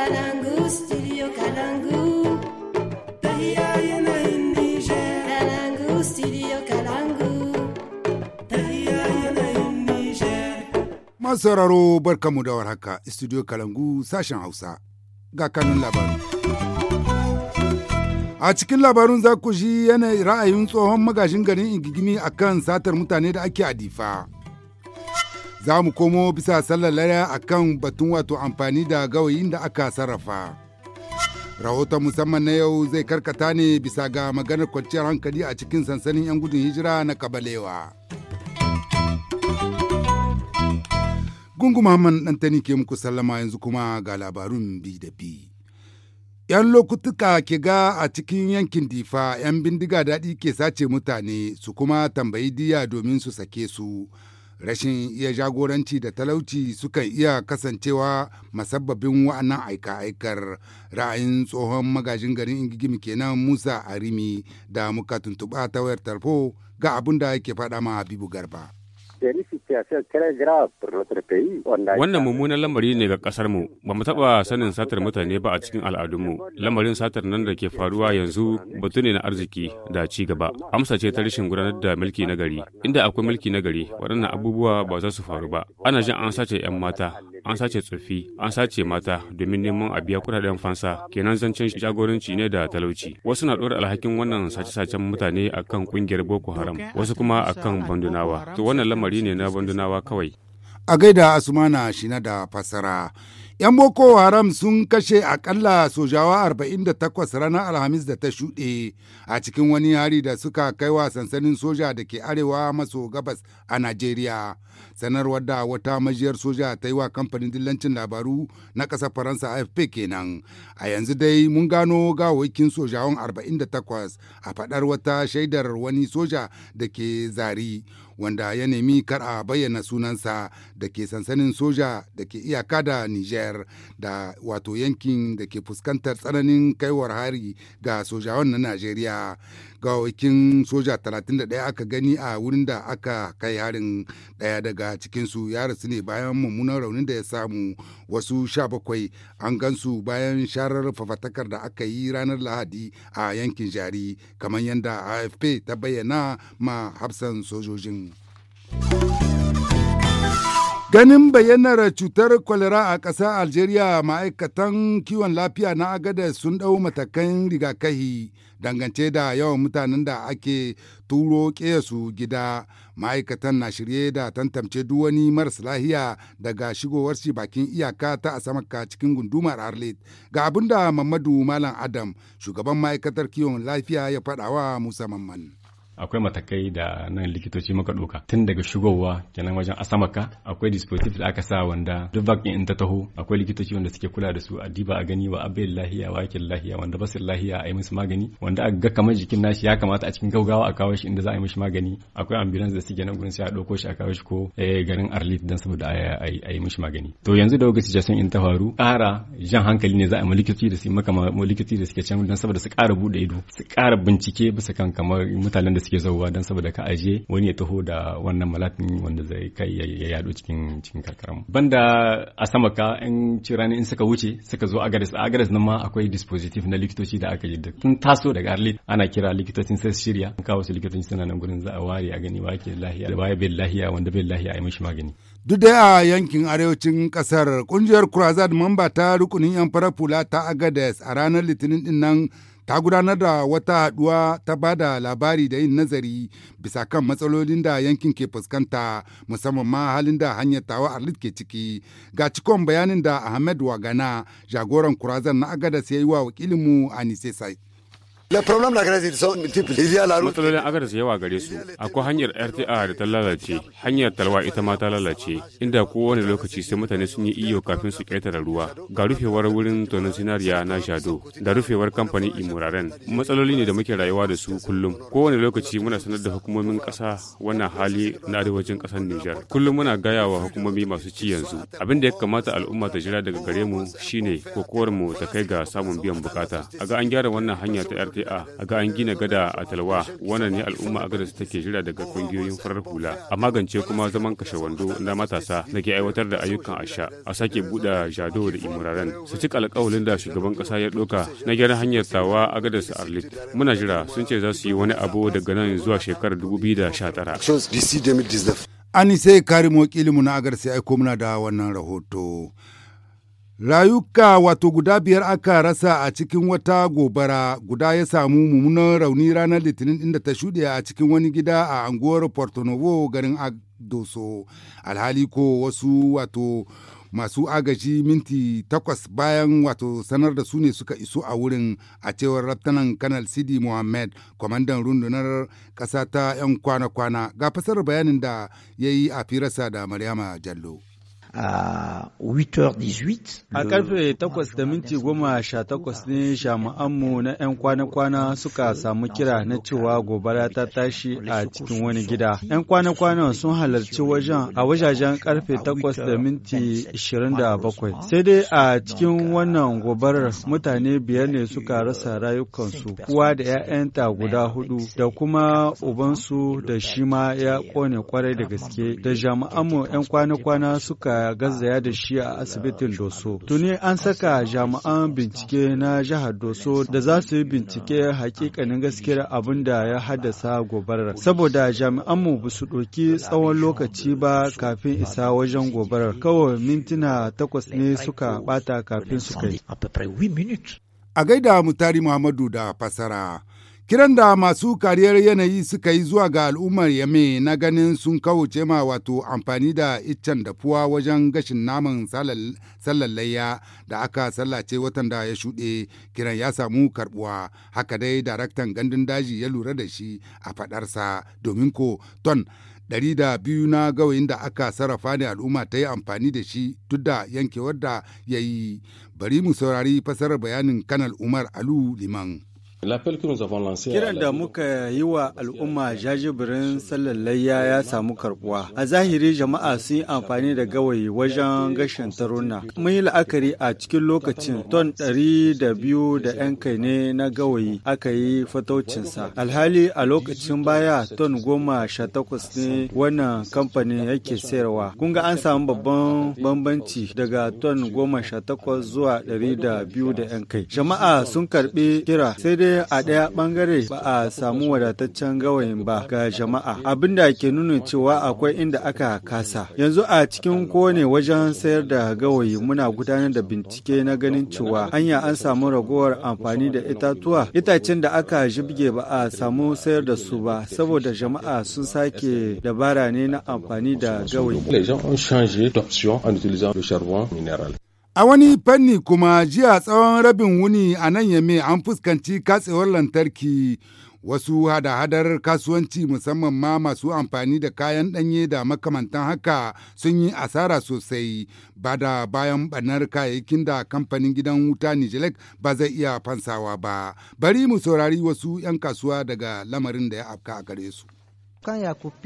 Kalangu, studio Kalangu. yanayin studio yanayin sauraro barkamu da warhaka, studio Kalangu sashen Hausa. Ga kanun labaru A cikin labarun za ku ji yanayi ra'ayin tsohon magajin garin Igigimi akan satar mutane da ake adifa. za mu komo bisa sallalaya a kan batun wato amfani da gawayin da aka sarrafa. Rahoton musamman na yau zai karkata ne bisa ga maganar kwanciyar hankali a cikin sansanin 'yan gudun hijira na Kabalewa. Gungu Muhammad Ɗantani ke muku sallama yanzu kuma ga labarun bi da bi. ‘Yan lokutuka ke ga a cikin yankin difa ‘yan bindiga daɗi ke sace mutane su kuma tambayi diya domin su sake su. rashin iya jagoranci da talauci sukan iya kasancewa masabbabin wa'annan aika-aikar ra'ayin tsohon magajin garin ingigimi kenan musa arimi da muka tuntuɓa ta wayar tarfo ga abin da yake faɗa ma habibu garba Wannan mummunan lamari ne ga kasar mu. Ba mu taɓa sanin satar mutane ba a cikin al'adunmu. Lamarin satar nan da ke faruwa yanzu batu ne na arziki da ci gaba. Amsa ce ta rashin gudanar da mulki nagari Inda akwai mulki nagari gari, waɗannan abubuwa ba za su faru ba. Ana jin an sace 'yan mata, an sace tsofi an sace mata domin neman a biya kudaden fansa kenan zancen jagoranci ne da talauci wasu na ɗora alhakin wannan sace-sacen mutane akan kungiyar boko haram wasu kuma akan bandunawa to wannan lamari ne na bandunawa kawai a gaida asumana shi na da fassara 'Yan Boko Haram sun kashe akalla sojawa 48 ranar Alhamis da ta shuɗe a cikin wani hari da suka kai wa sansanin soja da ke arewa maso gabas a Najeriya. Sanarwar da wata majiyar soja ta yi wa kamfanin dillancin labaru na ƙasar Faransa AFP kenan. A yanzu dai mun gano gawakin sojawan 48 a faɗar wata shaidar wani soja da ke zari. wanda ya nemi kar a bayyana sunansa da ke sansanin soja da ke iyaka da Niger da wato yankin da ke fuskantar tsananin kaiwar hari ga sojawan na Najeriya. wakin soja 31 aka gani a wurin da aka kai harin daya daga cikinsu ya rasu ne bayan mummunan raunin da ya samu wasu 17 an gansu bayan sharar fafatakar da aka yi ranar Lahadi a yankin jari kamar yadda AFP ta bayyana ma hafsan sojojin. Ganin bayyanar cutar kwalera a ƙasar Algeria ma'aikatan kiwon lafiya na agada sun ɗau matakan rigakahi dangance da yawan mutanen da ake turo su gida ma'aikatan na shirye da tantance duwani wani maras lahiya daga shigowar shi bakin iyaka ta asamaka cikin gundumar arlet ga abinda mamadu malam adam shugaban ma'aikatar kiwon lafiya ya faɗawa musa mamman. akwai matakai da nan likitoci muka doka tun daga shigowa kenan wajen asamaka akwai dispositif da aka sa wanda duk vaccine in ta taho akwai likitoci wanda suke kula da su a diba a gani wa abin lahiya wa yakin lahiya wanda ba lahiya a yi musu magani wanda a ga kamar jikin nashi ya kamata a cikin gaugawa a kawo shi inda za a yi mishi magani akwai ambulance da suke nan gurin sai a ɗauko shi a kawo shi ko eh, garin arlit dan saboda a yi mishi magani to yanzu da lokaci situation in ta faru ƙara jan hankali ne za a yi likitoci da su maka likitoci da suke can dan saboda su ƙara buɗe ido su ƙara bincike bisa kan kamar mutanen da suke zauwa don saboda ka aje wani ya taho da wannan malatin wanda zai kai ya yadu cikin cikin karkara banda a sama ka in cirani in suka wuce suka zo agares a agares nan ma akwai dispositif na likitoci da aka yi da tun taso daga arlit ana kira likitocin sai shirya an kawo su likitocin suna nan gurin za a ware a gani wa ke lahiya da baya lahiya wanda lahiya a yi mishi magani duk da a yankin arewacin kasar kungiyar kurazad mamba ta rukunin yan fara fula ta agares a ranar litinin din ta gudanar da wata haɗuwa ta ba da labari da yin nazari bisa kan matsalolin da yankin ke fuskanta musamman ma halin da hanyar tawa arlit ke ciki ga cikon bayanin da ahmed wagana jagoran kurazan na agada sai yi wa wakilinmu anise sai Matsalolin agaris yawa gare su, akwai hanyar RTA da ta lalace, hanyar talwa ita ma ta lalace, inda kowane lokaci sai mutane sun yi iyo kafin su ƙetare ruwa. Ga rufewar wurin tonon sinariya na Shado, da rufewar kamfani Imuraren, matsaloli ne da muke rayuwa da su kullum. Kowane lokaci muna sanar da hukumomin kasa wannan hali na arewacin ƙasar Nijar. Kullum muna gaya wa hukumomi masu ci yanzu. Abin da ya kamata al'umma ta jira daga gare mu shine kokowar mu ta kai ga samun biyan bukata. A ga an gyara wannan hanya ta RTA shari'a a ga an gina gada a talwa wannan ne al'umma a gada su take jira daga kungiyoyin farar hula a magance kuma zaman kashe wando na matasa da ke aiwatar da ayyukan asha a sake buɗe jado da imuraren su cika alƙawalin da shugaban ƙasa ya ɗauka na gyara hanyar tawa a gadar su arlit muna jira sun ce za su yi wani abu daga nan zuwa shekarar dubu 2019 anise karimo mu na agar sai aiko muna da wannan rahoto Rayuka wato guda biyar aka rasa a cikin wata gobara guda ya samu mummunan rauni ranar litinin inda ta shuɗe a cikin wani gida a anguwar Porto Novo garin agdoso Alhali ko wasu wato masu agaji minti takwas bayan wato sanar da su ne suka iso a wurin a cewar raftanan kanal Sidi Mohammed, kwamandan rundunar ƙasa ta 'yan kwana-kwana ga fasar bayanin da ya yi a firarsa da Maryama Jallo. a 8h18 a karfe 8 da minti ne jami'anmu na 'yan kwana-kwana suka samu kira na cewa gobara ta tashi a cikin wani gida 'yan kwana-kwana sun halarci wajen a wajajen karfe 8 da minti 27 sai dai a cikin euh, wannan gobarar mutane biyar ne suka rasa rayukansu kuwa da 'ya'yanta guda hudu da kuma ubansu da shi ma ya kone kwarai da gaske da jami'anmu 'yan kwana-kwana suka a gazzaya da shi a asibitin Doso. Tuni an saka jami'an bincike na jihar Doso da za su yi bincike hakikanin gaskiyar abin da ya haddasa gobarar. Saboda jami'anmu ba su ɗauki tsawon lokaci ba kafin isa wajen gobarar. Kawai mintuna takwas ne suka bata kafin su kai. A gaida Mutari Muhammadu da fasara. Kiran da masu kariyar yanayi suka yi zuwa ga al'ummar Yame na ganin sun kawuce ma wato amfani da iccen dafuwa wajen gashin naman sallallayya da aka sallace watan da ya shuɗe kiran ya samu karbuwa haka dai daraktan gandun daji ya lura da shi a fadarsa domin ko ton ɗari da biyu na gawayin da aka sarrafa ne al'umma ta yi amfani da shi duk da yankewar da ya yi bari mu saurari fasarar bayanin kanal umar alu liman. Kiran da muka yi wa al'umma jajibirin sallar layya ya samu karbuwa. A zahiri jama'a sun yi amfani da gawayi wajen gashin taruna. Mun yi la'akari a cikin lokacin ton ɗari da biyu da 'yan kai ne na gawayi aka yi fataucinsa. Alhali a lokacin baya ton goma sha takwas ne wannan kamfanin yake sayarwa. Kun ga an samu babban bambanci daga ton goma sha takwas zuwa ɗari da biyu da 'yan kai. Jama'a sun karɓi kira sai dai a ɗaya ɓangare ba a samu wadataccen gawayin ba ga jama'a abinda ke nuna cewa akwai inda aka kasa. Yanzu a cikin kowane wajen sayar da gawayi muna gudanar da bincike na ganin cewa anya an samu ragowar amfani da itatuwa itacen da aka jibge ba a samu sayar da su ba saboda jama'a sun sake dabara ne na amfani da gawayi. A wani fanni kuma jiya tsawon rabin wuni a nan yame an fuskanci katsewar lantarki wasu hada-hadar kasuwanci musamman ma masu amfani da kayan ɗanye da makamantan haka sun yi asara sosai ba da bayan banar kayayyakin da kamfanin gidan wuta nijilek ba zai iya fansawa ba bari mu saurari wasu 'yan kasuwa daga lamarin da ya afka a gare su.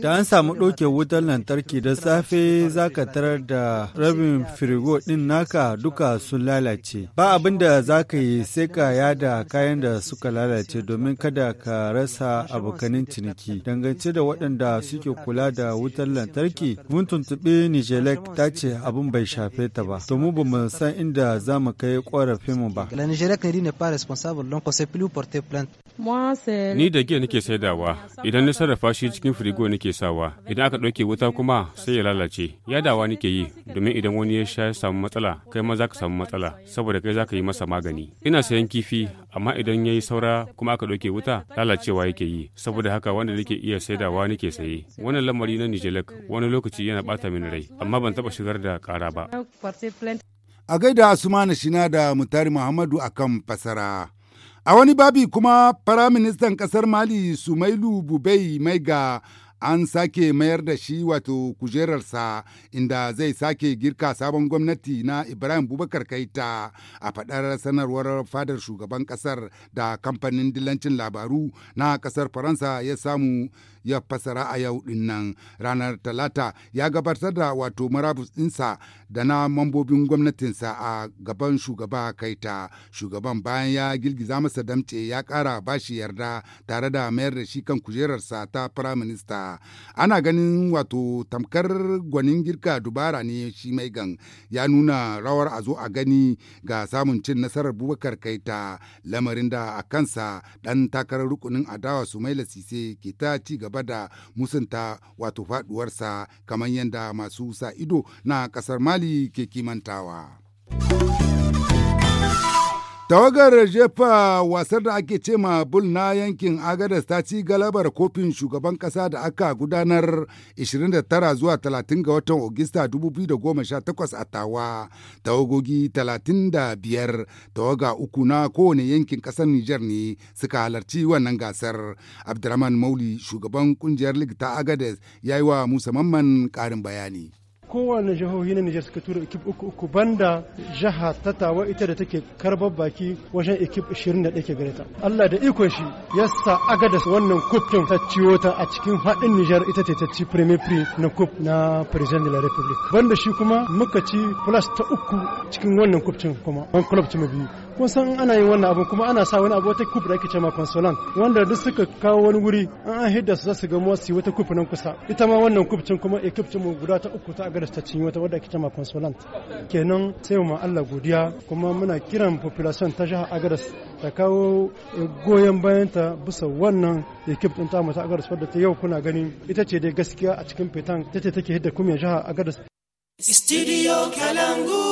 Da an samu ɗauke wutar lantarki da safe za ka tarar da rabin firigo ɗin naka duka sun lalace. Ba abin da za ka yi sai ka yada kayan da suka lalace domin kada ka rasa abokanin ciniki. Dangance da waɗanda suke kula da wutar lantarki, mun tuntuɓi Nijelek ta ce abin bai shafe ta ba. To mu ba mu san inda za mu kai ƙorafin mu ba. Ni da giya nake saidawa idan na sarrafa shi cikin firigo nake sawa idan aka ɗauke wuta kuma sai ya lalace ya dawa nake yi domin idan wani ya sha ya samu matsala kai ma za ka samu matsala saboda kai za ka yi masa magani ina sayan kifi amma idan ya yi saura kuma aka ɗauke wuta lalacewa yake yi saboda haka wanda nake iya saidawa nake saye wannan lamari na nijelek wani lokaci yana bata min rai amma ban taba shigar da kara ba a gaida asumani shina da mutari muhammadu akan fasara A wani babi kuma Firaministan ƙasar Mali Sumailu Bubai Maiga an sake mayar da shi wato kujerarsa inda zai sake girka sabon gwamnati na ibrahim bubakar kaita a fadar sanarwar fadar shugaban ƙasar da kamfanin dilancin labaru na ƙasar faransa ya samu ya fasara a yau din nan ranar talata ya gabatar da wato marabus ɗinsa da na mambobin gwamnatinsa a gaban shugaba kaita shugaban bayan ya girgiza masa damce ya kara bashi yarda tare da mayar da shi kan kujerarsa ta firaminista ana ganin wato tamkar gwanin girka dubara ne shi mai gan ya nuna rawar a zo a gani ga samun cin nasarar bubakar kaita lamarin da a kansa ɗan takarar rukunin adawa su mai sise ke ta ci gaba gaba da musunta wato faduwarsa kamar yadda masu sa ido na kasar Mali ke kimantawa. tawagar jefa wasar da ake ma bul na yankin agadas ta ci galabar kofin shugaban kasa da aka gudanar 29 zuwa 30 ga watan ogista 2018 a tawa tawagogi 35 tawaga uku na kowane yankin kasar nijar ne suka halarci wannan gasar abdulrahman mauli shugaban kungiyar lig ta agadas ya yi wa musamman karin bayani kowane jihohi na Nijar suka tura ekip uku uku banda jiha ta tawa ita da take karbar baki wajen ekip 21 ke gare ta. Allah da ikon shi ya sa da wannan kup ta ciwo ta a cikin haɗin Nijar ita ce ta ci premier prix na kup na president de la republique. Banda shi kuma muka ci plus ta uku cikin wannan kup kuma wani club ta biyu. kun san ana yin wannan abu kuma ana sa wani abu wata kub da ake cewa consolant wanda duk suka kawo wani wuri an hidda su za su ga su wata kub nan kusa ita ma wannan kub kuma ekip mu guda ta uku ta da ta cinye wata wadda ake cema consulant kenan sai mu Allah godiya kuma muna kiran population ta jihar agaras ta kawo eh, goyon bayanta bisa wannan ekip ɗin ta ta agaras wadda ta yau kuna gani ita ce dai gaskiya a cikin fitan ita ce take hidda kuma jihar Agadas Studio Kalangu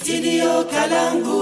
Studio Kalangu.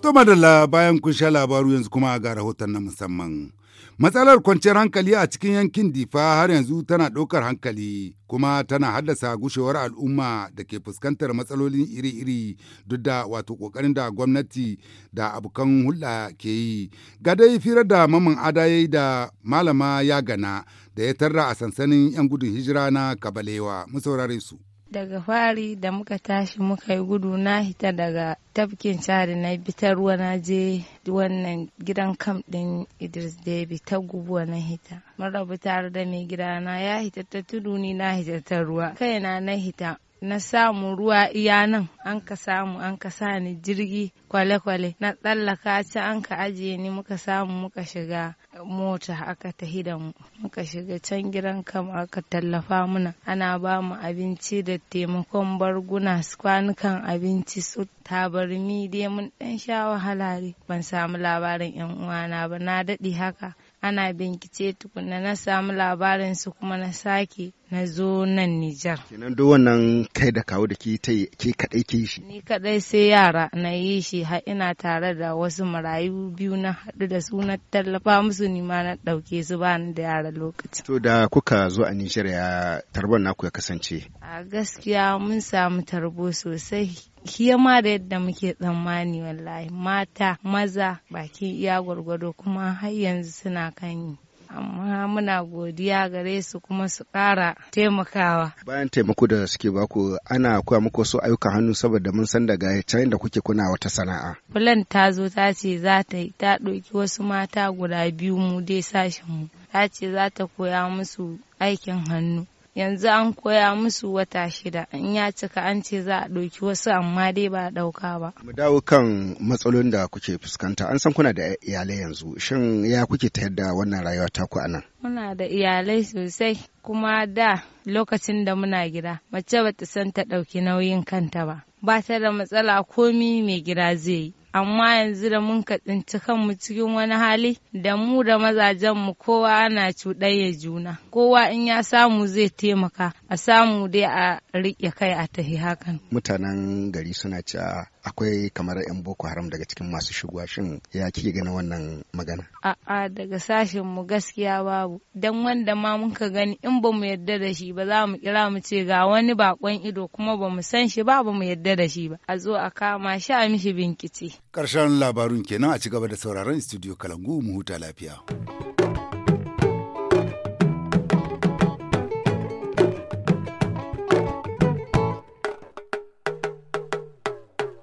To madalla bayan kun sha labaru yanzu kuma ga rahoton na musamman. Matsalar kwanciyar hankali a cikin yankin Difa har yanzu tana ɗaukar hankali kuma tana haddasa gushewar al'umma da ke fuskantar matsalolin iri-iri duk da wato ƙoƙarin da gwamnati da abokan hulɗa ke yi. Ga dai firar da maman adaye da malama ya gana da ya tarra a sansanin 'yan gudun hijira na Kabalewa. Mu saurare su. daga fari da muka tashi muka yi gudu na hita daga tafkin cari na bitar ruwa na je wannan gidan kam din idris debi ta gubuwa na hita mun tare da mai gida na ya hita ta tudu ni na hita ta ruwa kaina na hita na samu ruwa iya nan an ka samu an ka sa ni jirgi kwale-kwale na tsallaka ci an ka ajiye ni muka samu muka shiga mota aka tahi da muka shiga can gidan kam aka tallafa muna ana ba mu abinci da taimakon barguna kwanukan abinci su tabarmi dai mun dan sha wahala ban samu labarin yan uwana ba na daɗe haka ana bincike tukuna na samu labarin su kuma na sake na zo nan Nijar. Kenan duk wannan kai da kawo da ke ta ke kaɗai ke shi? Ni kaɗai sai yara na yi shi har ina tare da wasu marayu biyu na haɗu da su na tallafa musu ni ma na ɗauke su ba ni da yara lokaci. To da kuka zo a Nijar ya tarbar naku ya kasance? A gaskiya mun samu tarbo sosai. hiya da yadda muke tsammani wallahi mata maza bakin iya gwargwado kuma har yanzu suna kan yi amma muna godiya gare su kuma su ƙara taimakawa. Bayan taimako da suke baku ana koya muku wasu ayyukan hannu saboda mun san daga can da kuke kuna wata sana'a. Bulan ta zo ta ce za ta yi ta ɗauki wasu mata guda biyu mu dai sashen mu. Ta ce za ta koya musu aikin hannu. yanzu an koya musu wata shida in ya cika an ce za a ɗauki wasu amma dai ba a ɗauka ba. mu dawo kan matsalolin da kuke fuskanta an san kuna da iyalai yanzu shin ya kuke ta yadda wannan rayuwa ta ku anan. muna da iyalai sosai kuma da lokacin da muna gida mace bata san ta ɗauki nauyin kanta ba ba ta da matsala komi mai gida zai yi amma yanzu da mun ka tsinci kanmu cikin wani hali da mu da mazajenmu kowa ana ya juna kowa in ya samu zai taimaka a samu dai a riƙe kai a tahi hakan mutanen gari suna cewa akwai kamar 'yan boko haram daga cikin masu shigowa shin ya kike gani wannan magana a'a daga sashen mu gaskiya babu dan wanda ma muka gani in ba mu yadda da shi ba za mu kira mu ce ga wani bakon ido kuma ba mu san shi ba ba mu yadda da shi ba a zo a kama shi a mishi binkice karshen labarun kenan a ci gaba da sauraron studio kalangu mu huta lafiya